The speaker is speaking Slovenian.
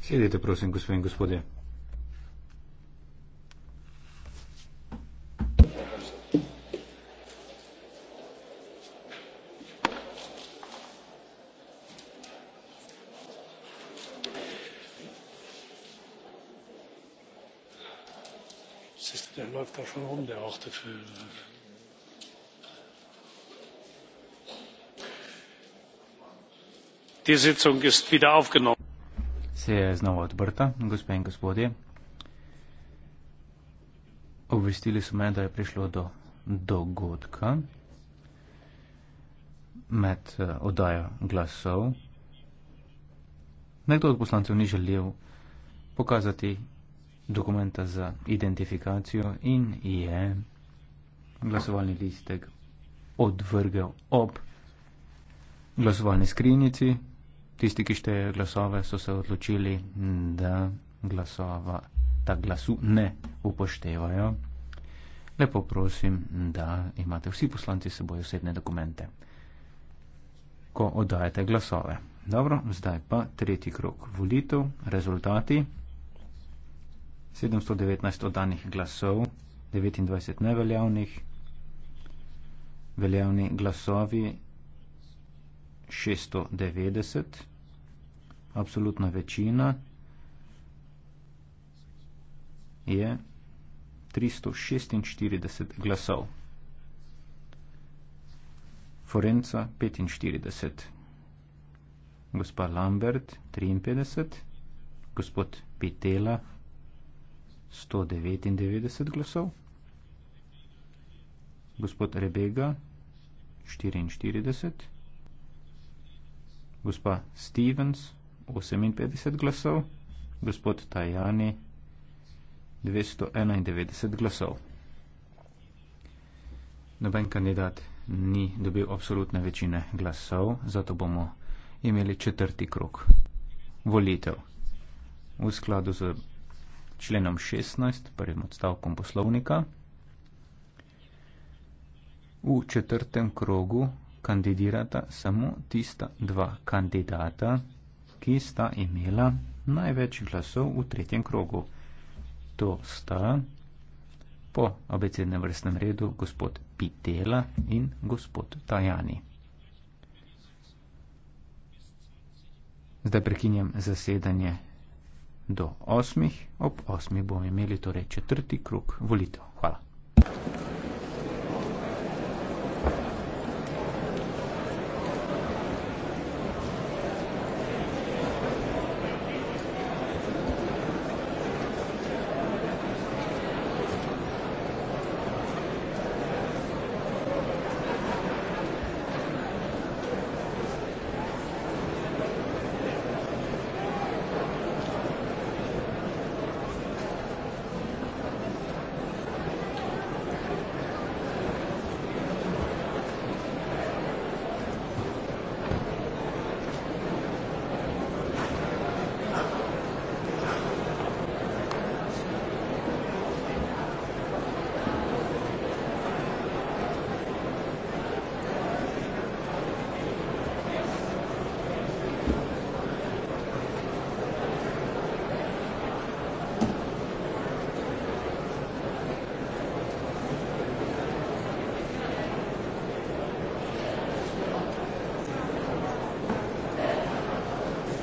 sedite prosim gospe in gospodje pred nami je dokument ki je vsebinsko zelo podoben prejšnjemu dokumentu ki smo ga obravnavali pred dvema letoma. die sitzung ist wieder aufgenommen Seja je znova odprta, gospe in gospodje. Obvestili so me, da je prišlo do dogodka med eh, oddajo glasov. Nekdo od poslancev ni želel pokazati dokumenta za identifikacijo in je glasovalni listek odvrgel ob glasovalni skrinjici tisti, ki šteje glasove, so se odločili, da glasova, ta glasu ne upoštevajo. Lepo prosim, da imate vsi poslanci seboj osebne dokumente, ko oddajate glasove. Dobro, zdaj pa tretji krok volitev. Rezultati. 719 oddanih glasov, 29 neveljavnih. Veljavni glasovi 690, absolutna večina je 346 glasov. Forenca 45, gospa Lambert 53, gospod Pitela 199 glasov, gospod Rebega 44, gospa Stevens 58 glasov, gospod Tajani 291 glasov. Noben kandidat ni dobil absolutne večine glasov, zato bomo imeli četrti krok volitev. V skladu z členom 16, prvim odstavkom poslovnika, v četrtem krogu kandidirata samo tista dva kandidata, ki sta imela največ glasov v tretjem krogu. To sta po abecednem vrstnem redu gospod Pitela in gospod Tajani. Zdaj prekinjam zasedanje do osmih. Ob osmih bomo imeli torej četrti krok volitev. Hvala.